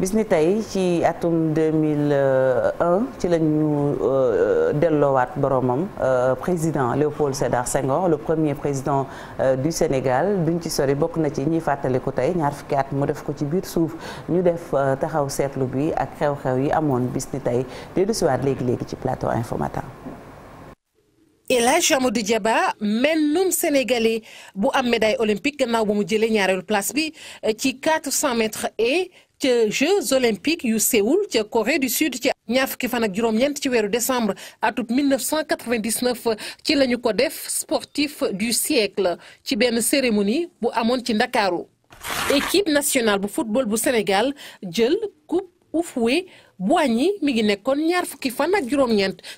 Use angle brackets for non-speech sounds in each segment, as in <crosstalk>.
bis ni tey ci atum 2001 ci la ñu euh, delloowaat boromam euh, président Léopold Sédar Senghor le premier président euh, du Sénégal duñ ci sori bokk na ci ñiy fàttaliku tey ñaar fukki mu def ko ci biir suuf ñu def taxaw seetlu bi ak xew-xew yi amoon bis ni tey dellusiwaat léegi léegi ci plateau Infos El Hadj Amadou Diaba mennum sénégalais bu am médaille olympique gannaaw bu mu jëlee ñaareelu place bi eh, ci 400 mètres et ca Jeux olympiques yu Séoul ca Corée du Sud ci ñaar fukki fan ak juróom-ñeent ci weeru décembre atum 1999 ci la ñu ko def sportif du siècle ci benn cérémonie bu amoon ci Ndakaaru équipe nationale bu football bu Sénégal jël coupe Oufoué Boigny mi ngi nekkoon ñaar fukki fan ak juróom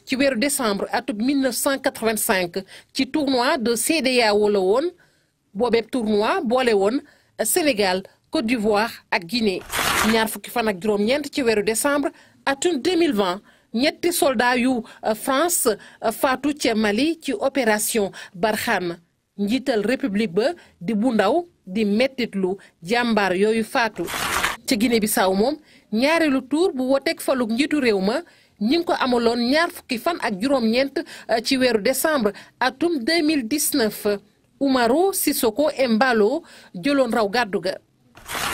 ci weeru décembre atub 1985 ci tournoi de CEDEAO la woon boobeeb tournoi boole woon Sénégal Côte d'Ivoire ak Guinée ñaar fukki fan ak juróom ci weeru décembre atum 2020 ñetti soldat yu France faatu ca Mali ci opération Barkhane njiital république ba di bu ndaw di mettitlu jàmbaar yooyu faatu ca Guinée Bissau moom ñaareelu tour bu woteeg faluk njiitu réew ma ñi ngi ko amaloon ñaar fukki fan ak juróom-ñeent euh, ci weeru décembre atum 2019 Umaro Sissoko Embalo jëloon raw gàddu ga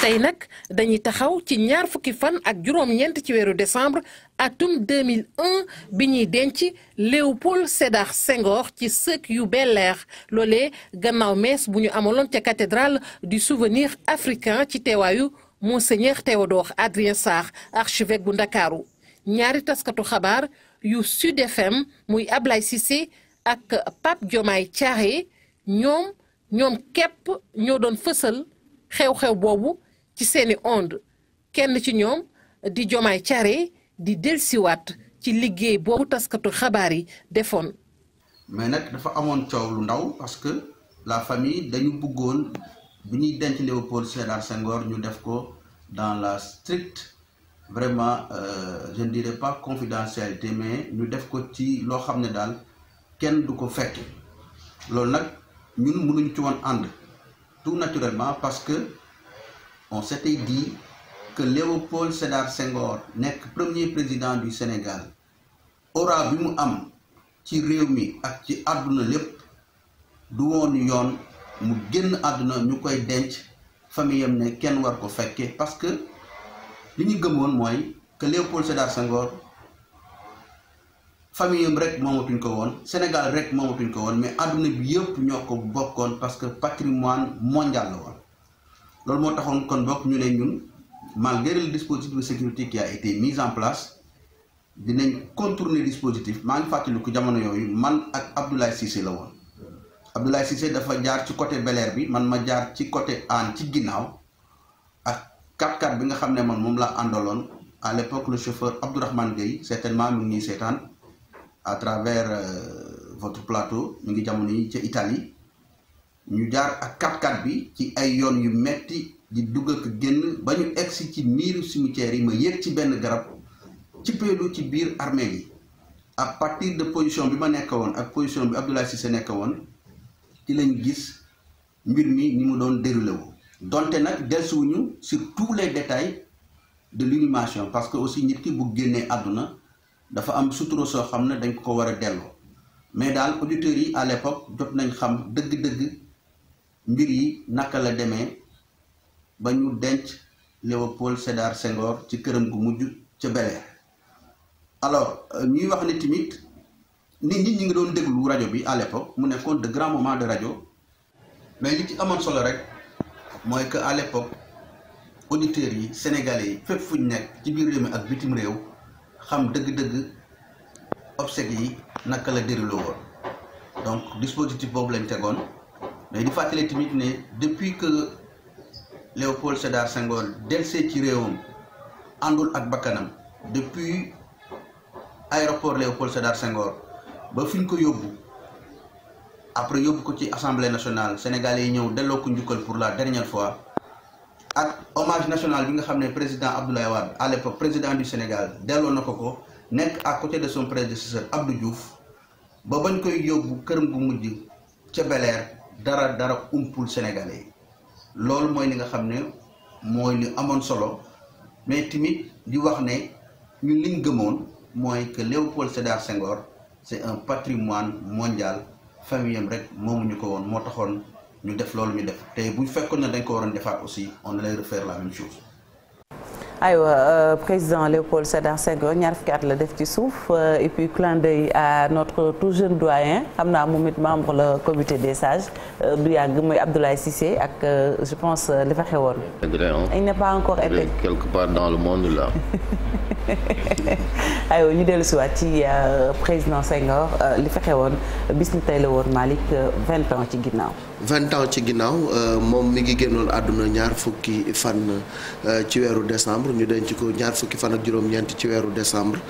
tey nag dañuy taxaw ci ñaar fukki fan ak juróom ci weeru décembre atum 2001 bi ñuy denc Léopold Sédar sengoor ci sëkk yu Bel Air loolee gannaaw mees bu ñu amaloon ca cathédrale du souvenir africain ci teewaayu Monseigneur Théodore Adrien Sarr archevêque bu Ndakaaru ñaari taskatu xabaar yu Sud FM muy Ablaye Cissé ak Pape Diomaye Thiaxé ñoom ñoom képp ñoo doon fësal xew-xew boobu ci seeni onde kenn ci ñoom di Diomaye Thiaxé di delsiwaat ci liggéey boobu taskatu xabaar yi defoon mais dafa amoon coow lu ndaw parce que la famille dañu bëggoon bu ñuy denc Léopold Sédar Senghor ñu def ko dans la stricte vraiment euh, je ne dirais pas confidentialité mais ñu def ko ci loo xam ne daal kenn du ko fekk loolu nag ñun mënuñ ci woon ànd tout naturellement parce que on s'était dit que Léopold Sédar Senghor nekk premier président du Sénégal aura bi mu am ci réew mi ak ci àdduna lépp du woon yoon mu génn àdduna ñu koy denc famille am ne kenn war ko fekke parce que li ñu gëmoon mooy que Léopold Sédar Senghor famille am rek moomatuñ ko woon Sénégal rek moomatuñ ko woon mais àdduna bi yëpp ñoo ko bokkoon parce que patrimoine mondial la woon loolu moo taxoon kon bokk ñu ne ñun malgré le dispositif de sécurité ki a été mis en place dinañ contourner dispositif maa ngi fàttaliku jamono yooyu man ak Abdoulaye Cissé la woon Abdoulaye Cissé dafa jaar ci côté beleer bi man ma jaar ci côté Hann ci ginnaaw ak 4 x bi nga xam ne man moom la àndaloon à l'époque le chauffeur Abdourahmane Gueye certainement mi ngi ñuy seetaan à travers euh, votre plateau mu ngi jamono yi ca Italie ñu jaar ak 4 x bi ci ay yoon yu metti di dugg ak génn ba ñu egsi ci miiru cimetière yi ma yéeg ci benn garab ci peelu ci biir armee yi à partir de position bi ma nekk woon ak position bi Abdoulaye Cissé nekk woon ci lañ gis mbir mi ni mu doon déroulé wu donte nag delsuwuñu sur tous les détails de l'inhumation parce que aussi nit bu génnee àdduna dafa am sutura soo xam ne dañ ko ko war a delloo mais daal auditeurs yi à l'époque jot nañ xam dëgg-dëgg mbir yi naka la demee ba ñu denc Léopold Sédar Senghor ci këram gu mujj ca Bel Air alors euh, ñuy wax ne tamit nit ñi ñu ngi doon déglu rajo bi à l'époque mu nekkoon de grands moments de rajo mais li ci amoon solo rek mooy que à l'époque auditeurs yi sénégalais yi fépp fu ñu ci biir réew mi ak bitim réew xam dëgg-dëgg obsèques yi naka la déroulé woon donc dispositif boobu lañ tegoon mais di fàttali tamit ne depuis que Léopold Sédar Senghor delsee ci réewam àndul ak bakkanam depuis aéroport Léopold Sédar Senghor ba fi ñu ko yóbbu après yóbbu ko ci assemblée nationale sénégalais yi ñëw delloo ko njukkal pour la dernière fois ak hommage national bi nga xam ne président Abdoulaye Wade à l'époque président du Sénégal delloo na ko ko nekk à côté de son prédécesseur Abdou Diouf ba bañ koy yóbbu këram gu mujj ca Bel-Air dara dara umpul sénégalais yi loolu mooy li nga xam ne mooy li amoon solo mais tamit di wax ne ñun liñ gëmoon mooy que Léopold Sédar Senghor c'est un patrimoine mondial famiyam rek moomuñu ko woon moo taxoon ñu def loolu ñu def te bu fekkoon ne dañ ko waroon defaat aussi on allait la même chose aywa euh, président Léopold Sédar Senghor ñaar fukki at la def ci suuf euh, et puis clin d'œil à notre tout jeune doyen xam naa moom it membre la comité des sages euh, du yàgg mooy Abdoulaye Cissé ak je pense li fa xewoon. il n'est pas encore été. quelque part dans le monde là. <laughs> aywa ñu dellu si waat ci président Senghor li fa xewoon bis ni tey la woon Malick vingt ans ci ginnaaw. vingt ans ci ginnaaw moom mi ngi génnoon àdduna ñaar fukki fan ci weeru décembre. décembre ñu denc ko ñaar fukki fan ak juróom-ñeent ci weeru décembre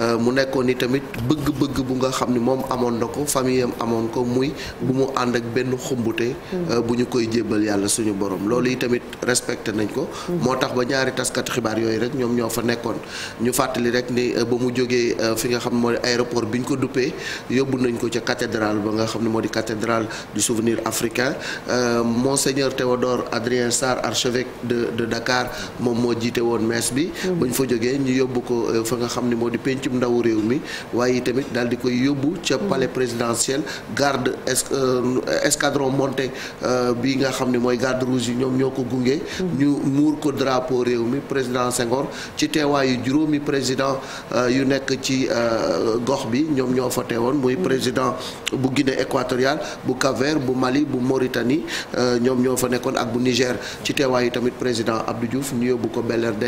euh, mu nekkoon ni tamit bëgg-bëgg bu nga xam ni moom amoon na ko famille am amoon ko muy bu mu ànd ak benn xumbute euh, bu ñu koy jébbal yàlla suñu borom loolu yi tamit respecté nañ ko moo tax ba ñaari taskati xibaar yooyu rek ñoom ñoo fa nekkoon ñu fàttali rek ni euh, ba mu jógee fi nga xam ne moo di aéroport bi ñu ko duppee yóbbu nañ ko ca cathédrale ba nga xam ne moo di cathédrale du souvenir africain monseigneur Théodore Adrien Sarr archevêque de de Dakar moom moo jiite woon mees bi mm-hmm. ba ñu fa jógee ñu yóbbu ko euh, fa nga xam ne moo di pencum ndawu réew mi waaye tamit daal di koy yóbbu ca mm-hmm. palais présidentiel garde euh, escadron monté euh, bi nga xam ne mooy garde rouge yi ñoom ñoo ko gunge mm-hmm. ñu muur ko drapo réew mi président Senghor ci teewaayu juróomi président yu nekk ci gox bi ñoom ñoo fa teewoon muy président bu Guinée équatoriale bu cap bu Mali bu Mauritanie ñoom ñoo fa nekkoon ak bu Niger ci teewaayu tamit président Abdou Diouf ñu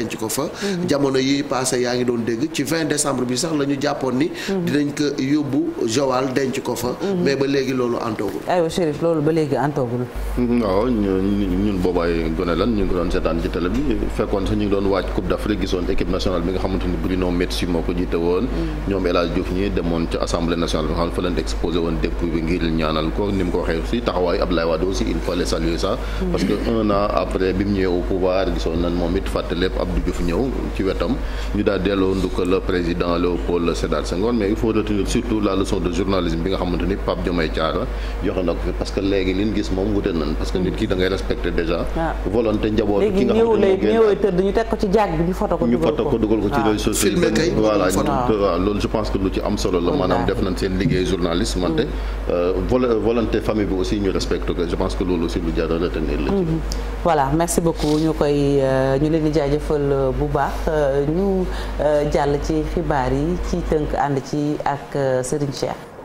denc ko fa. jamono yi passé yaa ngi doon dégg ci 20 décembre bi sax la jàppoon ni. dinañ ko yóbbu Joal denc ko fa. mais ba léegi loolu antoogul. aywa Chérif loolu ba léegi antoogul. waaw ñun boobaay gone lan ñu ngi doon seetaan ci télé bi fekkoon sax ñu ngi doon wàcc Coupe d'Afrique gisoon équipe nationale bi nga xamante ni Bruno Metsu moo ko jiite woon. ñoom El Hadj ñi demoon ca assemblée nationale bi nga xam fa leen exposé woon député bi ngir Abdou Diouf ñëw ci wetam ñu daal delloo ndukkal le président Léopold Sédar Senghor mais il faut retenir surtout la leçon bi nga xamante ni Pape Diomaye Diakhar joxe parce que léegi li gis moom wute nañ parce que nit ki da ngay déjà ah. volonté njaboot ki nga xam ne ñu teg ko ci jaag bi ñu foto ko dugal ko ci ah. réseaux sociaux yi voilà waaw loolu je pense que lu ci am solo la maanaam def nañ seen liggéey journaliste man te mm. euh, famille bi jaajëfal euh, bu baax euh, ñu euh, jàll ci xibaar yi ci tënk ànd ci ak Serigne Cheikh.